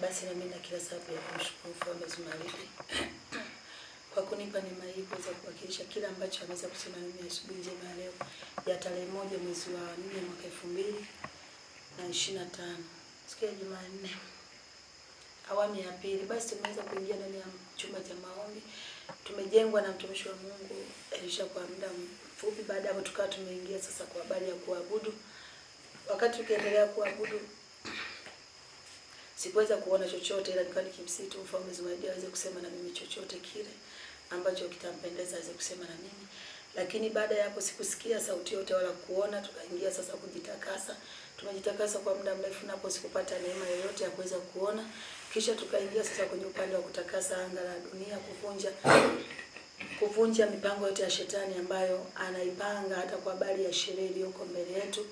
Basi na na kila sababu ya kumshukuru Mfalme Zumaridi kwa kunipa neema hii kuweza kuwakilisha kila ambacho ameweza kusema mimi asubuhi njema ya leo ya tarehe moja mwezi wa nne mwaka elfu mbili na ishirini na tano siku ya Jumanne awamu ya pili. Basi tumeweza kuingia ndani ya chumba cha maombi, tumejengwa na mtumishi wa Mungu Elisha kwa muda mfupi. Baada ya hapo, tukawa tumeingia sasa kwa habari ya kuabudu Wakati ukiendelea kuabudu sikuweza kuona chochote, ila nikawa nikimsihi Mfalme Zumaridi aweze kusema na mimi chochote kile ambacho kitampendeza aweze kusema na mimi. Lakini baada ya hapo sikusikia sauti yote wala kuona. Tukaingia sasa kujitakasa, tumejitakasa kwa muda mrefu, napo sikupata neema yoyote ya kuweza kuona. Kisha tukaingia sasa kwenye upande wa kutakasa anga la dunia, kuvunja kuvunja mipango yote ya shetani ambayo anaipanga hata kwa habari ya sherehe iliyoko mbele yetu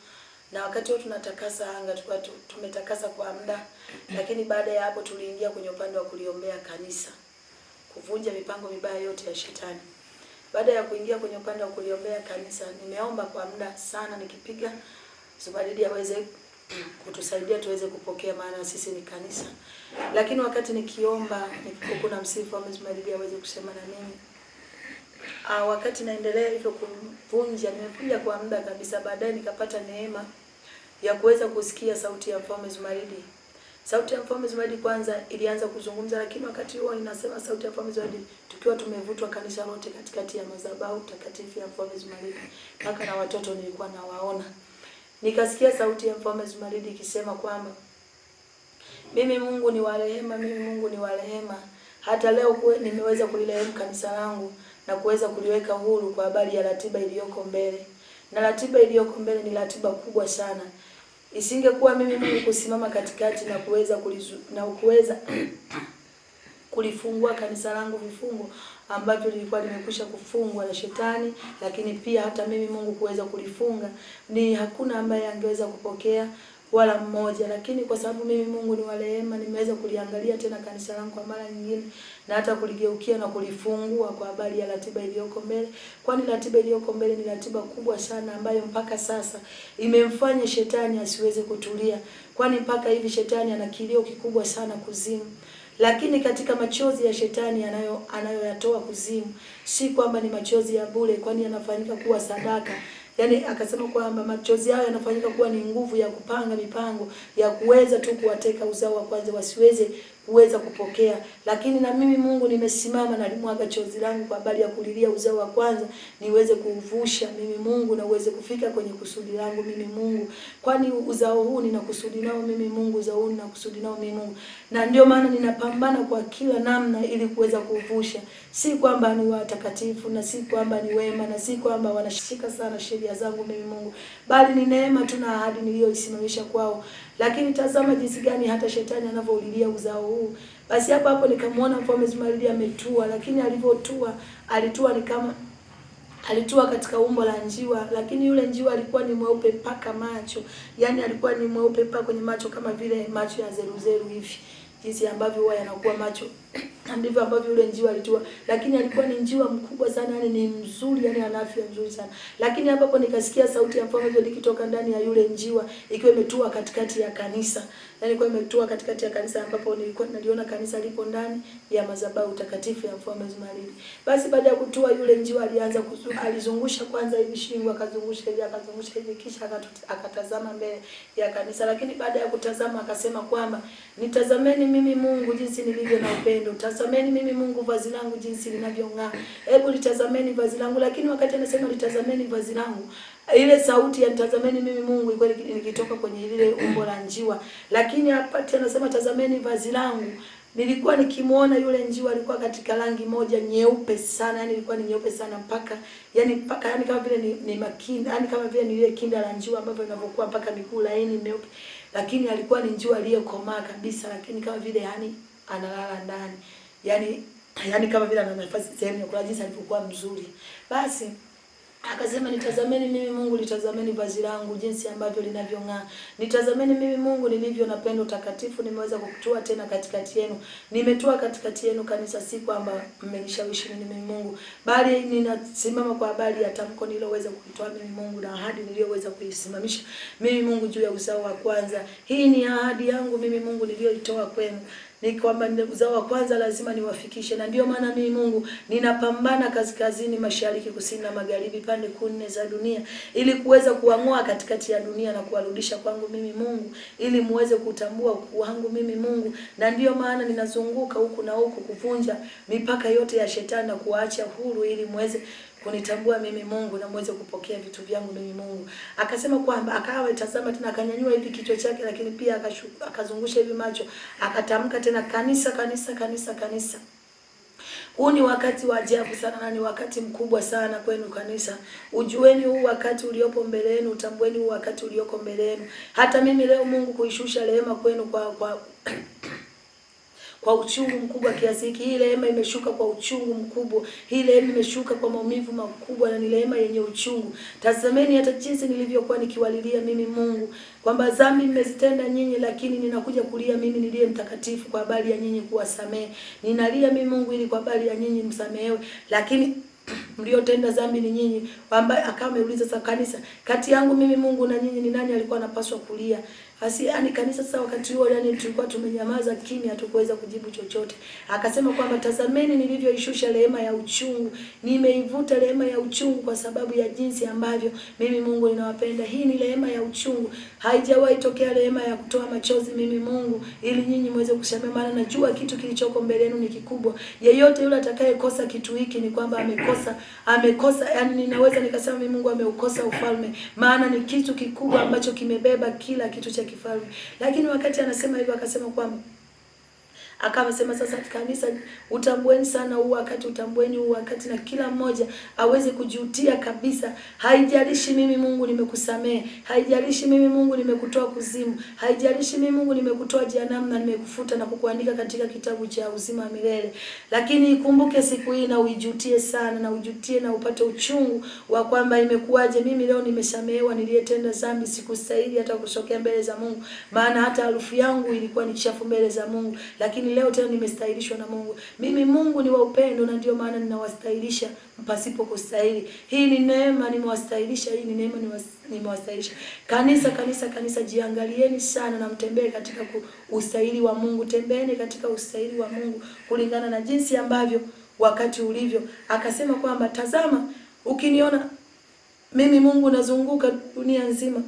na wakati huo tunatakasa anga, tulikuwa tumetakasa kwa muda, lakini baada ya hapo tuliingia kwenye upande wa kuliombea kanisa, kuvunja mipango mibaya yote ya shetani. Baada ya kuingia kwenye upande wa kuliombea kanisa, nimeomba kwa muda sana, nikipiga Zumaridi aweze kutusaidia tuweze kupokea, maana sisi ni kanisa. Lakini wakati nikiomba, nikipokuwa msifu wa Zumaridi aweze kusema na mimi Ah, wakati naendelea hivyo kuvunja, nimevunja kwa muda kabisa. Baadaye nikapata neema ya kuweza kusikia sauti ya Mfalme Zumaridi. Sauti ya Mfalme Zumaridi kwanza ilianza kuzungumza, lakini wakati huo inasema sauti ya Mfalme Zumaridi, tukiwa tumevutwa kanisa lote katikati ya madhabahu takatifu ya Mfalme Zumaridi, mpaka na watoto nilikuwa nawaona. Nikasikia sauti ya Mfalme Zumaridi ikisema kwamba mimi Mungu ni wa rehema, mimi Mungu ni wa rehema. Hata leo kwe, nimeweza kulirehemu kanisa langu na kuweza kuliweka huru kwa habari ya ratiba iliyoko mbele, na ratiba iliyoko mbele ni ratiba kubwa sana. Isingekuwa mimi Mungu kusimama katikati na kuweza kulizu, na kuweza kulifungua kanisa langu vifungo ambavyo lilikuwa limekwisha kufungwa na shetani, lakini pia hata mimi Mungu kuweza kulifunga, ni hakuna ambaye angeweza kupokea wala mmoja, lakini kwa sababu mimi Mungu ni wa rehema, nimeweza kuliangalia tena kanisa langu kwa mara nyingine na hata kuligeukia na kulifungua kwa habari ya ratiba iliyoko mbele, kwani ratiba iliyoko mbele ni ratiba kubwa sana ambayo mpaka sasa imemfanya shetani asiweze kutulia, kwani mpaka hivi shetani ana kilio kikubwa sana kuzimu lakini katika machozi ya shetani anayo anayoyatoa kuzimu, si kwamba ni machozi ya bure, kwani yanafanyika kuwa sadaka. Yani akasema kwamba machozi hayo yanafanyika kuwa ni nguvu ya kupanga mipango ya kuweza tu kuwateka uzao wa kwanza wasiweze kuweza kupokea, lakini na mimi Mungu nimesimama na limwaga chozi langu kwa habari ya kulilia uzao wa kwanza, niweze kuuvusha mimi Mungu na uweze kufika kwenye kusudi langu mimi Mungu, kwani uzao huu nina kusudi nao mimi Mungu, uzao huu nina kusudi nao mimi Mungu, na ndio maana ninapambana kwa kila namna ili kuweza kuuvusha. Si kwamba ni watakatifu na si kwamba ni wema na si kwamba wanashika sana sheria zangu mimi Mungu, bali ni neema tu na ahadi niliyoisimamisha kwao lakini tazama jinsi gani hata shetani anavyoulilia uzao huu. Basi hapo hapo nikamwona Mfalme Zumaridi ametua, lakini alivyotua alitua ni kama alitua katika umbo la njiwa, lakini yule njiwa alikuwa ni mweupe paka macho, yaani alikuwa ni mweupe paka kwenye macho, kama vile macho ya zeruzeru hivi, jinsi ambavyo huwa yanakuwa macho ndivyo ambavyo yule njiwa alitua, lakini alikuwa ni njiwa mkubwa sana, yani ni mzuri, yani ana afya nzuri sana. Lakini hapo nikasikia sauti ya pamoja likitoka ndani ya yule njiwa ikiwa imetua katikati ya kanisa, na nilikuwa nimetua katikati ya kanisa ambapo nilikuwa naliona kanisa lipo ndani ya madhabahu takatifu ya Mfalme Zumaridi. Basi baada ya kutua, yule njiwa alianza kuzuka, alizungusha kwanza hivi shingo, akazungusha hivi, akazungusha hivi, kisha akatazama mbele ya kanisa. Lakini baada ya kutazama, akasema kwamba nitazameni mimi Mungu jinsi nilivyo na upendo, tazameni mimi Mungu vazi langu jinsi linavyong'aa, hebu litazameni vazi langu. Lakini wakati anasema litazameni vazi langu ile sauti ya mtazameni mimi Mungu ilikuwa nikitoka kwenye ile umbo la njiwa, lakini hapa tena anasema tazameni vazi langu. Nilikuwa nikimuona yule njiwa alikuwa katika rangi moja nyeupe sana, yani ilikuwa ni nyeupe sana mpaka yani mpaka yani kama vile ni, ni makinda yani kama vile ni ile kinda la njiwa ambavyo inavyokuwa mpaka miguu laini meupe, lakini alikuwa ni njiwa aliyekomaa kabisa, lakini kama vile yani analala ndani yani yani kama vile ana nafasi sehemu ya kulala, jinsi alivyokuwa mzuri basi Akasema, nitazameni mimi Mungu, litazameni vazi langu jinsi ambavyo linavyong'aa. Nitazameni mimi Mungu nilivyo na pendo takatifu, nimeweza kukutua tena katikati yenu. Nimetua katikati yenu kanisa, si kwamba mmenishawishi mimi Mungu, bali ninasimama kwa habari ya tamko nililoweza kuitoa mimi Mungu na ahadi niliyoweza kuisimamisha mimi Mungu juu ya uzao wa kwanza. Hii ni ahadi yangu mimi Mungu niliyoitoa kwenu ni kwamba uzao wa kwanza lazima niwafikishe, na ndio maana mimi Mungu ninapambana kaskazini, mashariki, kusini na magharibi, pande nne za dunia, ili kuweza kuwang'oa katikati ya dunia na kuwarudisha kwangu mimi Mungu, ili muweze kutambua kwangu mimi Mungu. Na ndiyo maana ninazunguka huku na huku kuvunja mipaka yote ya shetani na kuwaacha huru, ili muweze kunitambua mimi Mungu na muweze kupokea vitu vyangu mimi Mungu. Akasema kwamba akawa tazama tena akanyanyua hivi kichwa chake, lakini pia akazungusha hivi macho, akatamka tena kanisa, kanisa, kanisa, kanisa. Huu ni wakati wa ajabu sana na ni wakati mkubwa sana kwenu kanisa. Ujueni huu wakati uliopo mbele yenu, utambueni huu wakati ulioko mbele yenu. Hata mimi leo Mungu kuishusha rehema kwenu kwa kwa kwa uchungu mkubwa kiasi hiki. Hii rehema imeshuka kwa uchungu mkubwa, hii rehema imeshuka kwa maumivu makubwa, na ni rehema yenye uchungu. Tazameni hata jinsi nilivyokuwa nikiwalilia mimi Mungu kwamba dhambi mmezitenda nyinyi, lakini ninakuja kulia mimi niliye mtakatifu kwa habari ya nyinyi kuwasamehe. Ninalia mimi Mungu ili kwa habari ya nyinyi msamehewe, lakini mliotenda dhambi ni nyinyi. Kwamba akawa ameuliza sasa kanisa, kati yangu mimi Mungu na nyinyi, ni nani alikuwa anapaswa kulia? Asi, yani kanisa sasa wakati huo yani tulikuwa tumenyamaza kimya hatukuweza kujibu chochote. Akasema kwamba tazameni nilivyoishusha rehema ya uchungu. Nimeivuta rehema ya uchungu kwa sababu ya jinsi ambavyo mimi Mungu ninawapenda. Hii ni rehema ya uchungu. Haijawahi tokea rehema ya kutoa machozi mimi Mungu, ili nyinyi mweze kushame, maana najua kitu kilichoko mbele yenu ni kikubwa. Yeyote yule atakayekosa kitu hiki ni kwamba amekosa, amekosa, yani ninaweza nikasema mimi Mungu ameukosa ufalme, maana ni kitu kikubwa ambacho kimebeba kila kitu cha kifalme. Lakini wakati anasema hivyo akasema kwamba Akasema sasa kanisa, utambueni sana huu wakati, utambueni huu wakati, na kila mmoja aweze kujutia kabisa. Haijalishi mimi Mungu nimekusamehe, haijalishi mimi Mungu nimekutoa kuzimu, haijalishi mimi Mungu nimekutoa jehanamu na nimekufuta na kukuandika katika kitabu cha uzima milele. Lakini ikumbuke siku hii na uijutie sana, na ujutie na upate uchungu wa kwamba imekuwaje mimi leo nimeshamehewa, niliyetenda dhambi sikustahili hata kusokea mbele za Mungu, maana hata harufu yangu ilikuwa ni chafu mbele za Mungu, lakini leo tena nimestahilishwa na Mungu. Mimi Mungu ni wa upendo, na ndio maana ninawastahilisha pasipo kustahili. Hii ni neema, nimewastahilisha. Hii ni neema, nimewastahilisha. Kanisa, kanisa, kanisa, jiangalieni sana na mtembee katika ustahili wa Mungu. Tembeeni katika ustahili wa Mungu kulingana na jinsi ambavyo wakati ulivyo. Akasema kwamba tazama, ukiniona mimi Mungu nazunguka dunia nzima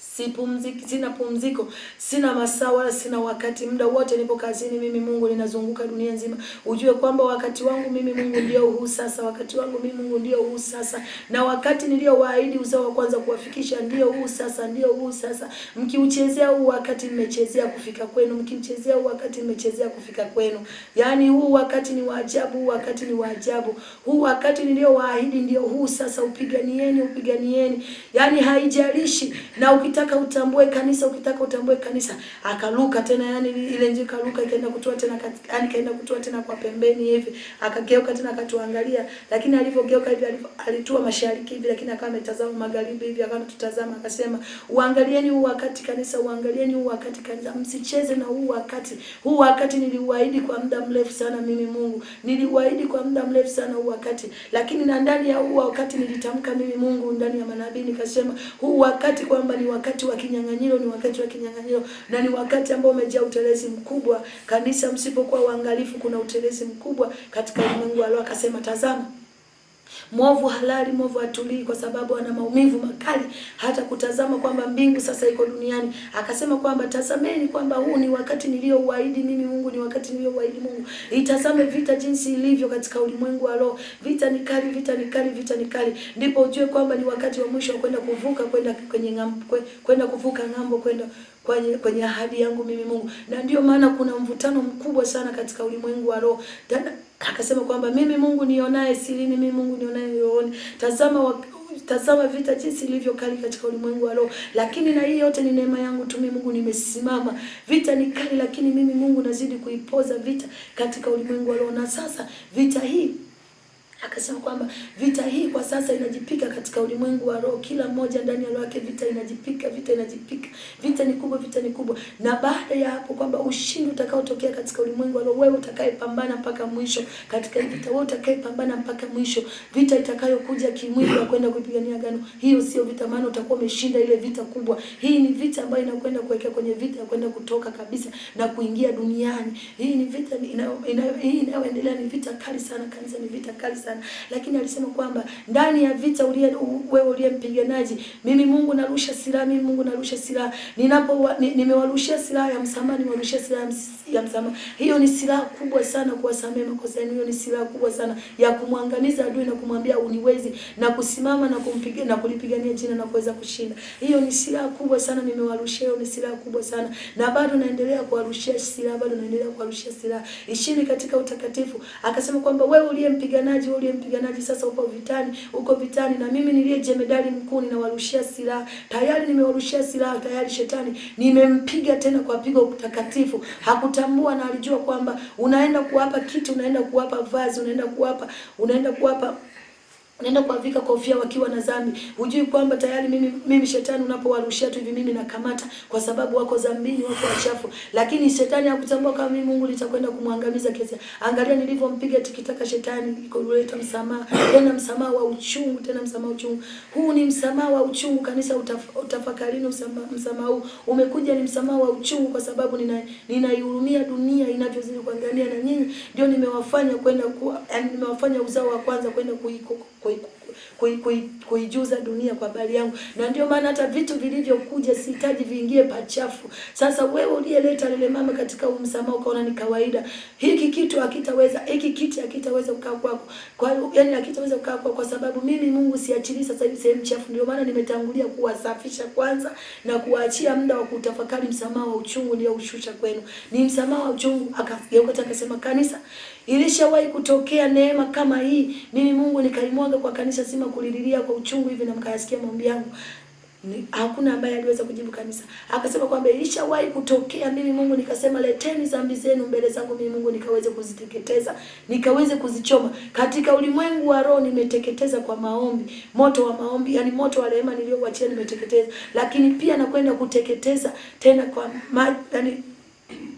Sipumziki, sina pumziko, sina masaa wala sina wakati. Muda wote nipo kazini mimi, Mungu, ninazunguka dunia nzima. Ujue kwamba wakati wangu mimi Mungu ndio huu sasa, wakati wangu mimi Mungu ndio huu sasa, na wakati niliowaahidi uzao wa kwanza kuwafikisha ndio huu sasa, ndio huu sasa. Mkiuchezea huu wakati, nimechezea kufika kwenu. Mkiuchezea huu wakati, nimechezea kufika kwenu. Yaani huu wakati ni waajabu, huu wakati ni waajabu, huu wakati niliowaahidi ndio huu sasa. Upiganieni, upiganieni, yaani haijalishi na ukitaka utambue kanisa, ukitaka utambue kanisa. Akaruka tena, yani ile nje karuka, ikaenda kutua tena, yani kaenda kutua tena kwa pembeni hivi, akageuka tena akatuangalia, lakini alivyogeuka hivi alitua mashariki hivi, lakini akawa ametazama magharibi hivi, akawa tutazama, akasema uangalieni huu wakati kanisa, uangalieni huu wakati kanisa, msicheze na huu wakati. Huu wakati niliuahidi kwa muda mrefu sana, mimi Mungu niliuahidi kwa muda mrefu sana huu wakati, lakini na ndani ya huu wakati nilitamka mimi Mungu ndani ya manabii nikasema huu wakati kwamba ni wakati wa kinyang'anyiro, ni wakati wa kinyang'anyiro na ni wakati ambao umejaa utelezi mkubwa. Kanisa, msipokuwa waangalifu, kuna utelezi mkubwa katika ulimwengu wa roho. Akasema, tazama Mwovu halali, mwovu atulii kwa sababu ana maumivu makali, hata kutazama kwamba mbingu sasa iko duniani. Akasema kwamba tazameni kwamba huu ni wakati niliouahidi mimi Mungu, ni wakati niliouahidi Mungu. Itazame vita jinsi ilivyo katika ulimwengu wa roho. Vita ni kali, vita ni kali, vita ni kali. Ndipo ujue kwamba ni wakati wa mwisho wa kwenda kuvuka kwenda kwenye ng'ambo, kwenda kuvuka ng'ambo kwenda kwenye, kwenye ahadi yangu mimi Mungu. Na ndio maana kuna mvutano mkubwa sana katika ulimwengu wa roho. Akasema kwamba mimi Mungu nionaye sirini, mimi Mungu nionaye yooni. Tazama wa, tazama vita jinsi ilivyo kali katika ulimwengu wa roho, lakini na hii yote ni neema yangu tu mimi Mungu nimesimama. Vita ni kali, lakini mimi Mungu nazidi kuipoza vita katika ulimwengu wa roho, na sasa vita hii Akasema kwamba vita hii kwa sasa inajipika katika ulimwengu wa roho, kila mmoja ndani ya roho yake vita inajipika, vita inajipika, vita ni kubwa, vita ni kubwa. Na baada ya hapo kwamba ushindi utakaotokea katika ulimwengu wa roho, wewe utakayepambana mpaka mwisho katika vita, wewe utakayepambana mpaka mwisho, vita itakayokuja kimwili ya kwenda kupigania gano, hiyo sio vita, maana utakuwa umeshinda ile vita kubwa. Hii ni vita ambayo inakwenda kuwekea kwenye vita ya kwenda kutoka kabisa na kuingia duniani. Hii ni vita inayoendelea, ina, ina, ina, ni vita kali sana kanisa, ni vita kali sana sana, lakini alisema kwamba ndani ya vita uliye wewe uliye mpiganaji, mimi Mungu narusha silaha, mimi Mungu narusha silaha, ninapo nimewarushia silaha ya msamaha, nimewarushia silaha ya msamaha. Hiyo ni silaha kubwa sana kuwasamehe makosa yenu, hiyo ni silaha kubwa sana ya kumwangamiza adui na kumwambia uniwezi na kusimama na kumpiga na kulipigania jina na kuweza kushinda. Hiyo ni silaha kubwa sana, nimewarushia hiyo ni silaha kubwa sana, na bado naendelea kuwarushia silaha, bado naendelea kuwarushia silaha. Ishini katika utakatifu, akasema kwamba wewe uliye mpiganaji uliye mpiganaji sasa uko vitani, uko vitani na mimi niliye jemedali mkuu ninawarushia silaha tayari, nimewarushia silaha tayari. Shetani nimempiga tena kwa pigo takatifu. Hakutambua na alijua kwamba unaenda kuwapa kitu, unaenda kuwapa vazi, unaenda kuwapa unaenda kuwapa unaenda kuwavika kofia wakiwa na dhambi. Hujui kwamba tayari mimi mimi shetani unapowarushia tu hivi mimi nakamata kwa sababu wako dhambini, wako wachafu. Lakini shetani hakutambua kama mimi Mungu nitakwenda kumwangamiza kesi. Angalia nilivyompiga tikitaka shetani ikoleta msamaha, tena msamaha wa uchungu, tena msamaha uchungu. Huu ni msamaha wa uchungu kanisa, utaf, utafakarini msamaha msamaha huu. Umekuja ni msamaha wa uchungu kwa sababu nina ninaihurumia dunia inavyozidi kuangalia na nyinyi ndio nimewafanya kwenda kuwa nimewafanya uzao wa kwanza kwenda kuiko koyup kuijuza kui, kui dunia kwa habari yangu, na ndio maana hata vitu vilivyokuja sihitaji viingie pachafu. Sasa wewe uliyeleta lile mama katika umsamaha, ukaona ni kawaida, hiki kitu hakitaweza, hiki kiti hakitaweza kukaa kwako, kwa hiyo yani hakitaweza kukaa kwako, kwa sababu mimi Mungu siachili sasa hivi sehemu chafu. Ndio maana nimetangulia kuwasafisha kwanza na kuwaachia muda wa kutafakari msamaha wa uchungu nilioushusha kwenu. Ni msamaha wa uchungu. Akageuka akasema, kanisa, ilishawahi kutokea neema kama hii, mimi Mungu nikalimwaga kwa kanisa kanisa nishasema kulililia kwa uchungu hivi na mkayasikia maombi yangu. Hakuna ambaye aliweza kujibu kanisa. Akasema kwamba ilishawahi kutokea mimi Mungu nikasema leteni dhambi zenu mbele zangu mimi Mungu nikaweze kuziteketeza, nikaweze kuzichoma. Katika ulimwengu wa roho nimeteketeza kwa maombi, moto wa maombi, yani moto wa rehema niliyowachia nimeteketeza. Lakini pia nakwenda kuteketeza tena kwa ma, yani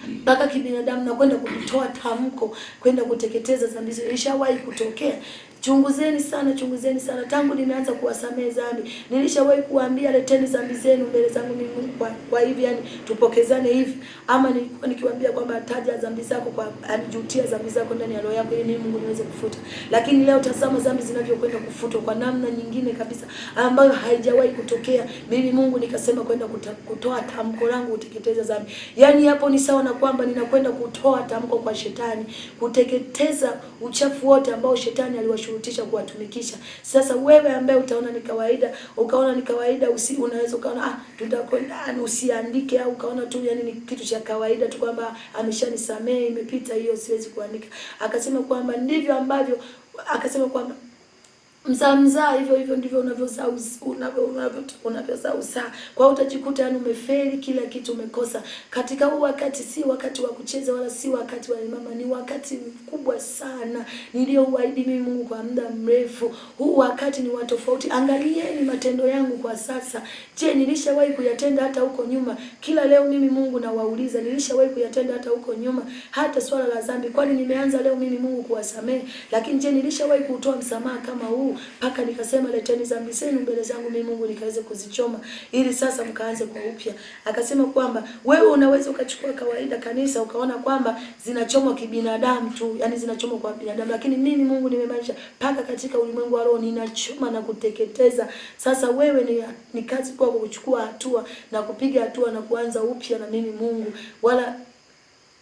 mpaka kibinadamu nakwenda kutoa tamko, kwenda kuteketeza dhambi zenu. Ilishawahi kutokea. Chunguzeni sana, chunguzeni sana. Tangu nimeanza kuwasamehe dhambi, nilishawahi kuambia leteni dhambi zenu mbele zangu mimi Mungu kwa, kwa hivi yani tupokezane hivi, ama nilikuwa nikiwaambia kwamba taja dhambi zako kwa anijutia dhambi zako ndani ya roho yako ili mimi Mungu niweze kufuta. Lakini leo tazama dhambi zinavyokwenda kufutwa kwa namna nyingine kabisa ambayo haijawahi kutokea. Mimi Mungu nikasema kwenda kutoa tamko langu kuteketeza dhambi. Yaani hapo ni sawa na kwamba ninakwenda kutoa tamko kwa shetani, kuteketeza uchafu wote ambao shetani aliwa kushurutisha kuwatumikisha. Sasa wewe ambaye utaona ni kawaida, ukaona ni kawaida usi, unaweza ukaona ah, tutakwenda usiandike, au ukaona tu yani ni kitu cha kawaida tu kwamba ameshanisamehe, imepita hiyo, siwezi kuandika. Akasema kwamba ndivyo ambavyo akasema kwamba mzaa mzaa hivyo hivyo ndivyo unavyozaa unavyo unavyozaa uzaa. Kwa hiyo utajikuta yani umefeli kila kitu umekosa. Katika huu wakati si wakati wa kucheza wala si wakati wa mama, ni wakati mkubwa sana niliyouahidi mimi Mungu kwa muda mrefu. Huu wakati ni wa tofauti. Angalieni matendo yangu kwa sasa. Je, nilishawahi kuyatenda hata huko nyuma? Kila leo mimi Mungu nawauliza, nilishawahi kuyatenda hata huko nyuma? Hata swala la dhambi, kwani nimeanza leo mimi Mungu kuwasamehe? Lakini je, nilishawahi kutoa msamaha kama huu? huu mpaka nikasema leteni dhambi zenu mbele zangu mimi Mungu nikaweze kuzichoma ili sasa mkaanze kwa upya. Akasema kwamba wewe unaweza ukachukua kawaida kanisa ukaona kwamba zinachomwa kibinadamu tu, yani zinachomwa kwa binadamu, lakini mimi Mungu nimemaanisha mpaka katika ulimwengu wa roho ninachoma na kuteketeza. Sasa wewe ni, ni kazi kwako kuchukua hatua na kupiga hatua na kuanza upya na mimi Mungu wala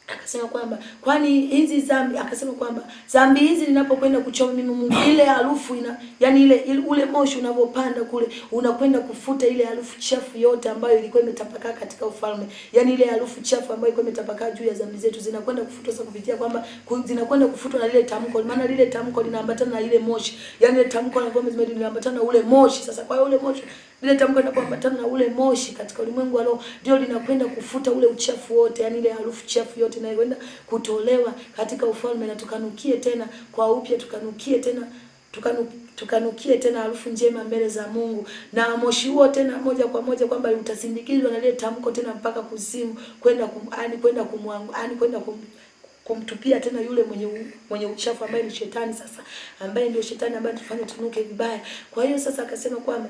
Akasema kwamba kwani hizi zambi, akasema kwamba zambi hizi ninapokwenda kuchoma mimi Mungu, ile harufu ina yani ile, ile ule moshi unavyopanda kule unakwenda kufuta ile harufu chafu yote ambayo ilikuwa imetapakaa katika ufalme, yani ile harufu chafu ambayo ilikuwa imetapakaa juu ya zambi zetu zinakwenda kufutwa sasa, kupitia kwamba zinakwenda kufutwa na lile tamko, maana lile tamko linaambatana na ile moshi, yani ile tamko linaambatana na ule moshi. Sasa kwa ule moshi lile tamko linapoambatana na ule moshi katika ulimwengu wa roho, ndio linakwenda kufuta ule uchafu wote, yani ile harufu chafu yote inayoenda kutolewa katika ufalme, na tukanukie tena kwa upya, tukanukie tena tukanu, tukanukie tena harufu njema mbele za Mungu, na moshi huo tena moja kwa moja kwamba utasindikizwa na lile tamko tena mpaka kuzimu, kwenda kum, ani kwenda kumwangu ani kwenda kum, kumtupia tena yule mwenye u, mwenye uchafu ambaye ni shetani sasa, ambaye ndio shetani ambaye tufanye tunuke vibaya. Kwa hiyo sasa akasema kwamba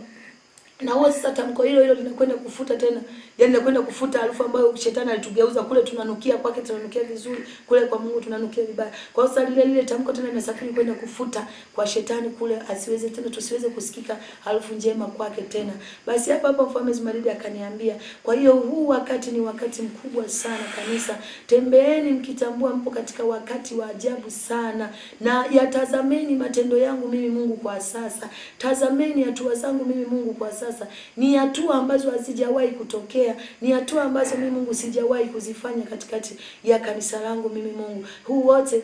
na huo sasa tamko hilo hilo linakwenda kufuta tena, yani linakwenda kufuta harufu ambayo shetani alitugeuza kule, tunanukia kwake, tunanukia vizuri kule, kwa Mungu tunanukia vibaya. Kwa hiyo sasa lile lile tamko tena linasafiri kwenda kufuta kwa shetani kule, asiweze tena, tusiweze kusikika harufu njema kwake tena. Basi hapa hapa mfalme Zumaridi akaniambia, kwa hiyo huu wakati ni wakati mkubwa sana kanisa, tembeeni mkitambua mpo katika wakati wa ajabu sana, na yatazameni matendo yangu mimi Mungu kwa sasa, tazameni hatua zangu mimi Mungu kwa sasa sasa ni hatua ambazo hazijawahi kutokea, ni hatua ambazo mimi Mungu sijawahi kuzifanya katikati ya kanisa langu. Mimi Mungu, huu wote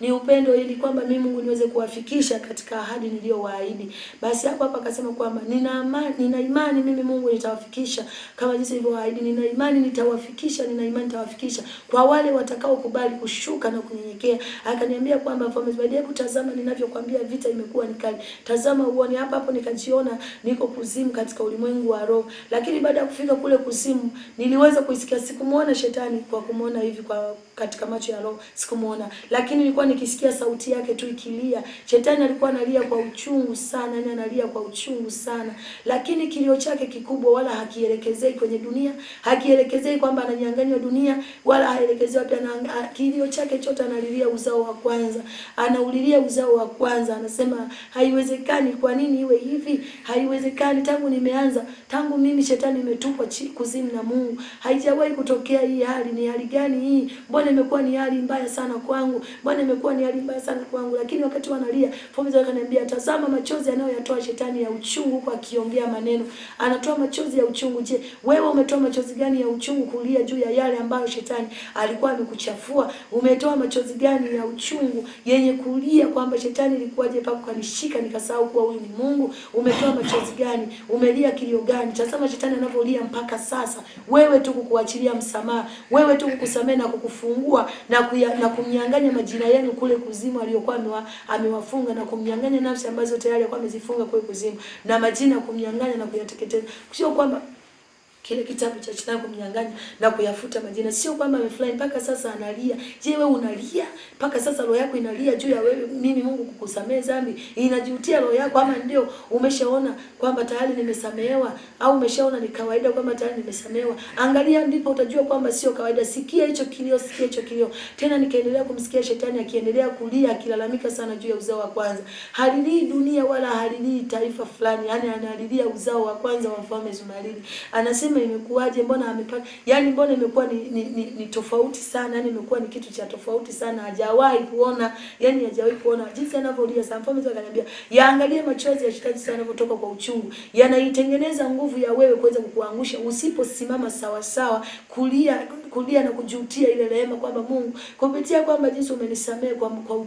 ni upendo, ili kwamba mimi Mungu niweze kuwafikisha katika ahadi niliyowaahidi. Basi hapo hapa akasema kwamba nina amani, nina imani mimi Mungu nitawafikisha kama jinsi nilivyowaahidi, nina imani nitawafikisha, nina imani nitawafikisha kwa wale watakaokubali kushuka na kunyenyekea. Akaniambia kwamba Mfalme Zedekia, hebu tazama ninavyokuambia, vita imekuwa ni kali, tazama uone. Hapa hapo nikajiona niko kuzimu katika ulimwengu wa roho, lakini baada ya kufika kule kuzimu niliweza kuisikia, sikumuona shetani kwa kumuona hivi kwa katika macho ya roho, sikumuona lakini nilikuwa nikisikia sauti yake tu ikilia. Shetani alikuwa analia kwa uchungu sana, yani analia kwa uchungu sana, lakini kilio chake kikubwa wala hakielekezei kwenye dunia, hakielekezei kwamba ananyang'anywa dunia, wala haelekezewa pia na kilio chake chote, analilia uzao wa kwanza, anaulilia uzao wa kwanza, anasema haiwezekani. Kwa nini iwe hivi? Haiwezekani, tangu nimeanza, tangu mimi shetani imetupwa kuzimu na Mungu, haijawahi kutokea hii hali. Ni hali gani hii? Mbona imekuwa ni hali mbaya sana kwangu? Mbona Shetani imekuwa ni hali mbaya sana kwangu, lakini wakati wanalia pumzi wakaniambia, tazama machozi anayoyatoa shetani ya uchungu kwa akiongea maneno, anatoa machozi ya uchungu. Je, wewe umetoa machozi gani ya uchungu kulia juu ya yale ambayo shetani alikuwa amekuchafua? Umetoa machozi gani ya uchungu yenye kulia kwamba shetani ilikuwaje papo kanishika nikasahau kuwa huyu ni Mungu? Umetoa machozi gani? Umelia kilio gani? Tazama shetani anavyolia mpaka sasa, wewe tu kukuachilia msamaha, wewe tu kukusamehe na kukufungua na, kuya, na kumnyang'anya majina yenu kule kuzimu aliyokuwa amewafunga na kumnyang'anya nafsi ambazo tayari alikuwa amezifunga kule kuzimu, na majina kumnyang'anya na kuyateketeza, sio kwamba kile kitabu cha jina kumnyang'anya na kuyafuta majina. Sio kwamba amefurahi mpaka sasa analia. Je, wewe unalia mpaka sasa? Roho yako inalia juu ya wewe, mimi Mungu kukusamehe dhambi, inajutia roho yako, ama ndio umeshaona kwamba tayari nimesamehewa, au umeshaona ni kawaida kwamba tayari nimesamehewa? Angalia, ndipo utajua kwamba sio kawaida. Sikia hicho kilio, sikia hicho kilio tena. Nikaendelea kumsikia shetani akiendelea kulia, akilalamika sana juu ya uzao wa kwanza. Halilii dunia wala halilii taifa fulani, yani analilia uzao wa kwanza wa mfalme Zumaridi, anasema nasema imekuwaje, mbona amepata, yani mbona imekuwa ni, ni, ni, ni tofauti sana, yani imekuwa ni kitu cha tofauti sana, hajawahi kuona, yani hajawahi kuona jinsi anavyolia. Sasa mfano mtu akaniambia, yaangalie machozi ya shikaji sana yanavyotoka kwa uchungu, yanaitengeneza nguvu ya wewe kuweza kukuangusha usiposimama sawa sawa, kulia kulia na kujutia ile rehema kwamba Mungu kupitia kwamba jinsi umenisamehe kwa, kwa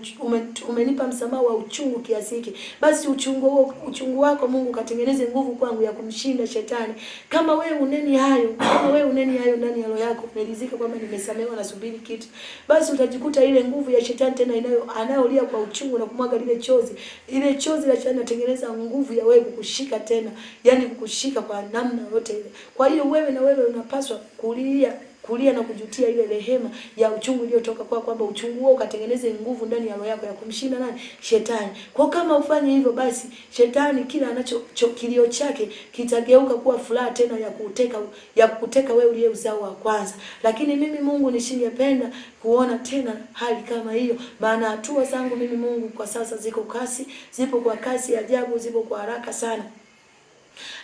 umenipa msamaha wa uchungu kiasi hiki, basi uchungu huo uchungu wako Mungu katengeneze nguvu kwangu ya kumshinda shetani kama wewe uneni hayo, kama wewe uneni hayo ndani ya roho yako, umeridhika kwamba nimesamehewa, nasubiri kitu, basi utajikuta ile nguvu ya shetani tena inayo anayolia kwa uchungu na kumwaga lile chozi, ile chozi la shetani natengeneza nguvu ya wewe kukushika tena, yani kukushika kwa namna yote ile. Kwa hiyo wewe na wewe unapaswa kulia kulia na kujutia ile rehema ya uchungu iliyotoka kwa kwamba uchungu huo ukatengeneze nguvu ndani ya roho yako ya kumshinda nani shetani. Kwa kama ufanye hivyo, basi shetani kila anacho kilio chake kitageuka kuwa furaha tena ya kuteka ya kuteka wewe uliye uzao wa kwanza. Lakini mimi Mungu nisingependa kuona tena hali kama hiyo, maana hatua zangu mimi Mungu kwa sasa ziko kasi, zipo kwa kasi ajabu, zipo kwa haraka sana.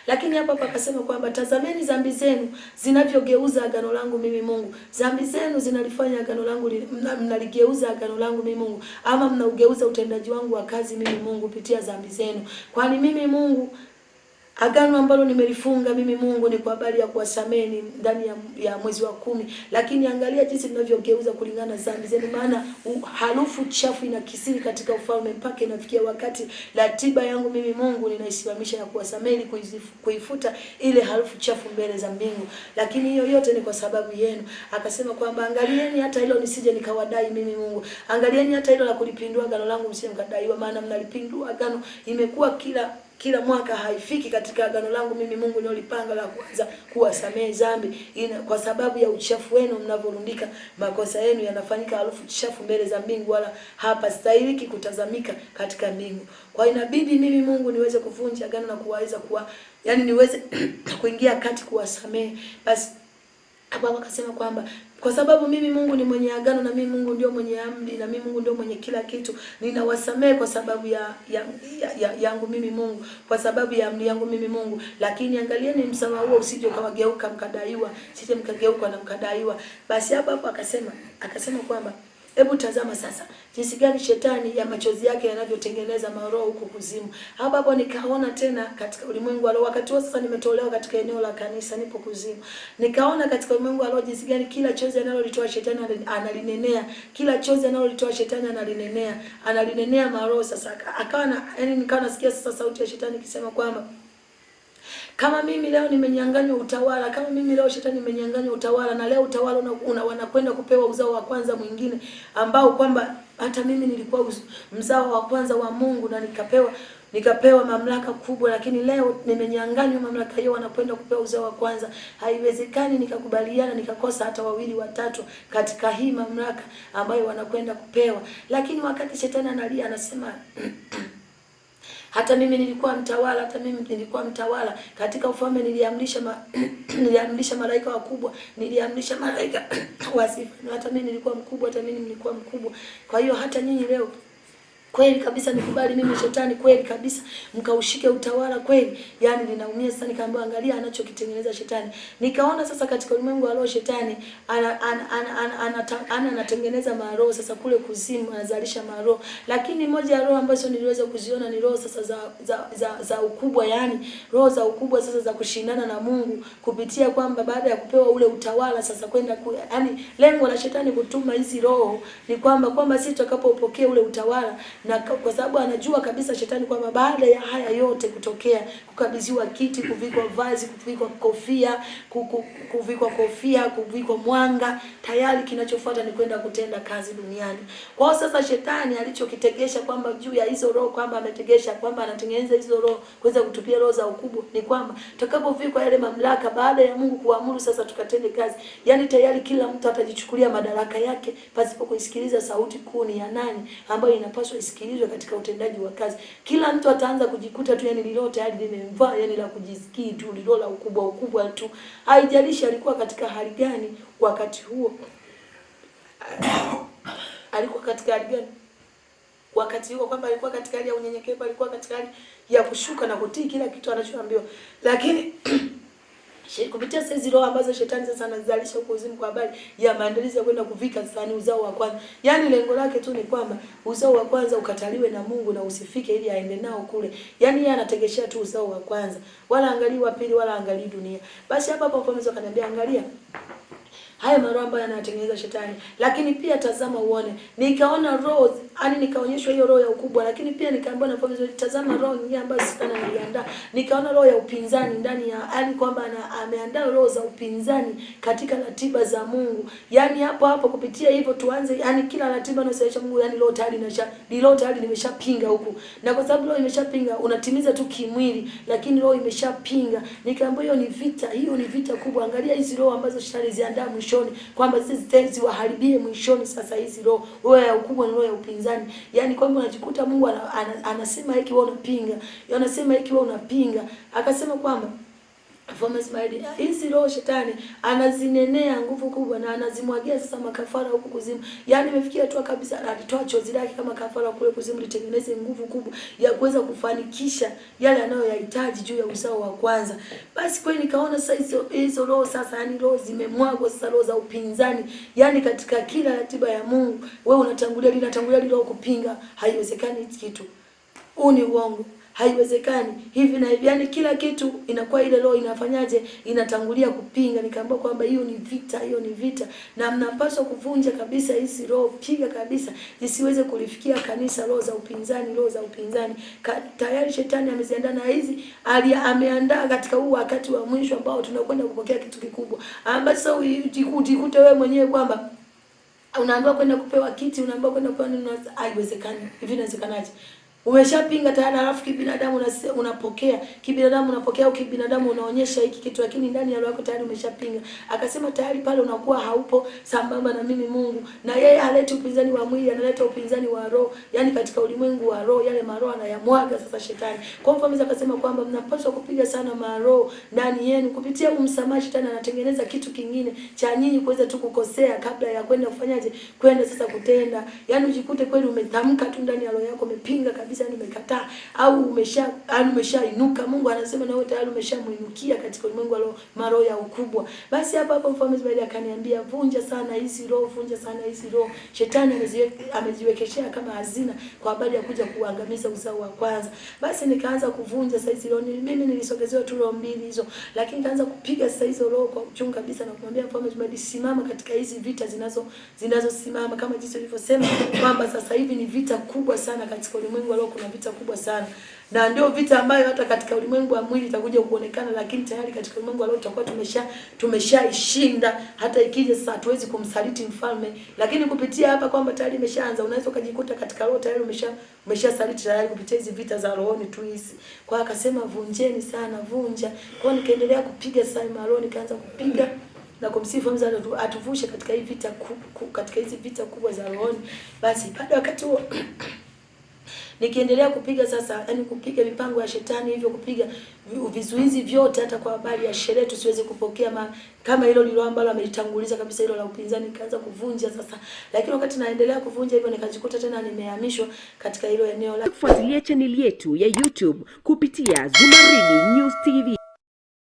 Lakini hapa hapa akasema kwamba tazameni dhambi zenu zinavyogeuza agano langu mimi Mungu. Dhambi zenu zinalifanya agano langu mnaligeuza mna agano langu mimi Mungu, ama mnaugeuza utendaji wangu wa kazi mimi Mungu kupitia dhambi zenu, kwani mimi Mungu Agano ambalo nimelifunga mimi Mungu ni kwa habari ya kuwasameni ndani ya, ya mwezi wa kumi, lakini angalia jinsi ninavyogeuza kulingana na dhambi zenu, maana harufu chafu inakisiri katika ufalme mpaka inafikia wakati ratiba yangu mimi Mungu ninaisimamisha ya kuwasameni, kuifuta ile harufu chafu mbele za mbingu. Lakini hiyo yote ni kwa sababu yenu. Akasema kwamba angalieni hata hilo nisije nikawadai mimi Mungu, angalieni hata hilo la kulipindua agano langu msije mkadaiwa, maana mnalipindua agano, imekuwa kila kila mwaka haifiki katika agano langu mimi Mungu nilolipanga la kwanza kuwasamehe dhambi, kwa sababu ya uchafu wenu mnavyorundika, makosa yenu yanafanyika harufu chafu mbele za mbingu, wala hapa stahiliki kutazamika katika mbingu. Kwa inabidi mimi Mungu niweze kuvunja agano na kuwaweza kuwa yani niweze kuingia kati kuwasamehe. Basi hapo akasema kwamba kwa sababu mimi Mungu ni mwenye agano, na mimi Mungu ndio mwenye amri, na mimi Mungu ndio mwenye kila kitu. Ninawasamehe kwa sababu ya, ya, ya, ya yangu mimi Mungu, kwa sababu ya amri yangu mimi Mungu. Lakini angalieni msamaha huo usije ukawageuka mkadaiwa, sije mkageuka na mkadaiwa. Basi hapo hapo akasema akasema kwamba Hebu tazama sasa jinsi gani shetani ya machozi yake yanavyotengeneza maroho huko kuzimu. Hapa hapo nikaona tena katika ulimwengu wa roho, wakati huo sasa nimetolewa katika eneo la kanisa, nipo kuzimu. Nikaona katika ulimwengu wa roho jinsi gani kila chozi analolitoa shetani analinenea, kila chozi analolitoa shetani analinenea, analinenea maroho. Sasa akawa yani, nikawa nasikia sasa sauti ya shetani ikisema kwamba kama mimi leo nimenyang'anywa utawala, kama mimi leo shetani nimenyang'anywa utawala, na leo utawala una, una, wanakwenda kupewa uzao wa kwanza mwingine ambao kwamba hata mimi nilikuwa mzao wa kwanza wa Mungu na nikapewa nikapewa mamlaka kubwa, lakini leo nimenyang'anywa mamlaka hiyo, wanakwenda kupewa uzao wa kwanza. Haiwezekani nikakubaliana nikakosa hata wawili watatu katika hii mamlaka ambayo wanakwenda kupewa. Lakini wakati shetani analia anasema hata mimi nilikuwa mtawala, hata mimi nilikuwa mtawala katika ufalme. Niliamrisha ma, niliamrisha malaika wakubwa, niliamrisha malaika wasifu. Hata mimi nilikuwa mkubwa, hata mimi nilikuwa mkubwa. Kwa hiyo hata nyinyi leo Kweli kabisa nikubali mimi shetani kweli kabisa mkaushike utawala kweli. Yani ninaumia sana, nikaambiwa angalia anachokitengeneza shetani. Nikaona sasa katika ulimwengu wa roho shetani ana ana ana ana, ana, ana anatengeneza maroho sasa kule kuzimu anazalisha maroho. Lakini moja ya roho ambazo niliweza kuziona ni roho sasa za za za, za ukubwa yani roho za ukubwa sasa za kushindana na Mungu kupitia kwamba baada ya kupewa ule utawala sasa kwenda ku, yani lengo la shetani kutuma hizi roho ni kwamba kwamba sisi tutakapopokea ule utawala na kwa sababu anajua kabisa shetani kwamba baada ya haya yote kutokea, kukabidhiwa kiti, kuvikwa vazi, kuvikwa kofia, kuvikwa kofia, kuvikwa mwanga, tayari kinachofuata ni kwenda kutenda kazi duniani. Kwa hiyo sasa shetani alichokitegesha kwamba juu ya hizo roho kwamba ametegesha kwamba anatengeneza hizo roho kuweza kutupia roho za ukubwa, ni kwamba tutakapovikwa yale mamlaka baada ya Mungu kuamuru sasa tukatende kazi, yani tayari kila mtu atajichukulia madaraka yake pasipo kuisikiliza sauti kuu ni ya nani ambayo inapaswa kusikilizwa katika utendaji wa kazi. Kila mtu ataanza kujikuta tu, yani lilo tayari limemvaa, yani la kujisikii tu, lilo la ukubwa ukubwa tu, haijalishi alikuwa katika hali gani wakati huo alikuwa katika hali gani wakati huo, kwamba alikuwa katika hali ya unyenyekevu, alikuwa katika hali ya kushuka na kutii kila kitu anachoambiwa, lakini kupitia saizi roho ambazo shetani sasa anazalisha huko uzimu kwa habari ya maandalizi ya kwenda kuvika sasa ni uzao wa kwanza. Yaani lengo lake tu ni kwamba uzao wa kwanza ukataliwe na Mungu na usifike ili aende nao kule. Yaani yeye ya anategeshea tu uzao wa kwanza. Wala angalii wa pili wala angalii dunia. Basi hapa hapa mfalme akaniambia angalia haya maroho ambayo yanatengeneza shetani. Lakini pia tazama uone, nikaona roho yani, nikaonyeshwa hiyo roho ya ukubwa, lakini pia nikaambiwa na vizuri, tazama roho nyingine ambazo shetani aliandaa. Nikaona roho ya upinzani ndani ya yani, kwamba ameandaa roho za upinzani katika ratiba za Mungu. Yani hapo hapo kupitia hivyo tuanze, yani kila ratiba na sasa Mungu, yani roho tayari inasha roho tayari nimeshapinga huku, na kwa sababu roho imeshapinga unatimiza tu kimwili, lakini roho imeshapinga. Nikaambiwa hiyo ni vita, hiyo ni vita kubwa. Angalia hizi roho ambazo shetani ziandaa mwishoni, kwamba sisi tenzi waharibie mwishoni. Sasa hizi roho wewe ya ukubwa na roho ya upinzani, yani kwamba unajikuta Mungu anasema hiki wewe unapinga, anasema hiki wewe unapinga, akasema kwamba Mfalme Ismaili, ah, hizi roho shetani anazinenea nguvu kubwa na anazimwagia sasa makafara huko kuzimu. Yaani imefikia tu kabisa alitoa chozi lake kama kafara kule kuzimu litengeneze nguvu kubwa ya kuweza kufanikisha yale anayoyahitaji juu ya usao wa kwanza. Basi kweli nikaona sasa hizo hizo roho sasa yani roho zimemwagwa sasa roho za upinzani. Yaani katika kila ratiba ya Mungu, wewe unatangulia linatangulia lilo kupinga, haiwezekani kitu. Huu ni uongo haiwezekani hivi na hivi, yani kila kitu inakuwa ile roho inafanyaje, inatangulia kupinga. Nikaambia kwamba hiyo ni vita, hiyo ni vita, na mnapaswa kuvunja kabisa hizi roho, piga kabisa zisiweze kulifikia kanisa, roho za upinzani, roho za upinzani. Ka, tayari shetani ameziandaa na hizi ali ameandaa katika huu wakati wa mwisho ambao tunakwenda kupokea kitu kikubwa, ambacho ujikute wewe mwenyewe kwamba unaambiwa kwenda kupewa kiti, unaambiwa kwenda kupewa nini, haiwezekani. Hivi inawezekanaje? Umeshapinga tayari, alafu kibinadamu unasema unapokea kibinadamu, unapokea au kibinadamu unaonyesha hiki kitu, lakini ndani ya roho yako tayari umeshapinga. Akasema tayari pale unakuwa haupo sambamba na mimi Mungu, na yeye haleti upinzani wa mwili, analeta upinzani wa roho, Yani katika ulimwengu wa roho, yale maroho anayamwaga sasa shetani. Kwa hiyo mimi akasema kwamba mnapaswa kupiga sana maroho ndani yenu, kupitia umsamaha shetani anatengeneza kitu kingine cha nyinyi kuweza tu kukosea kabla ya kwenda kufanyaje, kwenda sasa kutenda, Yani ujikute kweli umetamka tu ndani ya roho yako umepinga kabisa kabisa, yani umekataa au umesha yani umeshainuka. Mungu anasema na wewe tayari umeshamuinukia katika ulimwengu wa maroho ya ukubwa. Basi hapa hapo mfalme Zebadi akaniambia, vunja sana hizi roho, vunja sana hizi roho, shetani ameziweke, amejiwekeshea kama hazina kwa habari ya kuja kuangamiza uzao wa kwanza. Basi nikaanza kuvunja sasa hizi roho, mimi nilisogezewa tu roho mbili hizo, lakini nikaanza kupiga sasa hizo roho kwa uchungu kabisa na kumwambia mfalme Zebadi, simama katika hizi vita zinazo zinazosimama kama jinsi ulivyosema kwamba sasa hivi ni vita kubwa sana katika ulimwengu wa leo kuna vita kubwa sana, na ndio vita ambayo hata katika ulimwengu wa mwili itakuja kuonekana, lakini tayari katika ulimwengu wa roho tutakuwa tumesha tumeshaishinda. Hata ikija sasa, hatuwezi kumsaliti mfalme, lakini kupitia hapa kwamba tayari imeshaanza, unaweza ukajikuta katika roho tayari umesha umeshasaliti tayari kupitia hizi vita za rohoni tu hizi. Kwa akasema vunjeni sana, vunja. Kwa nikaendelea kupiga sana roho, nikaanza kupiga na kumsifu Mungu atuvushe katika hizi vita ku, ku, katika hizi vita kubwa za rohoni. Basi baada wakati huo nikiendelea kupiga sasa, yani kupiga mipango ya shetani hivyo, kupiga vizuizi vyote, hata kwa habari ya sherehe tusiweze kupokea ma, kama hilo lilo ambalo amelitanguliza kabisa hilo la upinzani, nikaanza kuvunja sasa. Lakini wakati naendelea kuvunja hivyo, nikajikuta tena nimehamishwa katika hilo eneo la. Kufuatilia chaneli yetu ya YouTube kupitia Zumaridi News TV.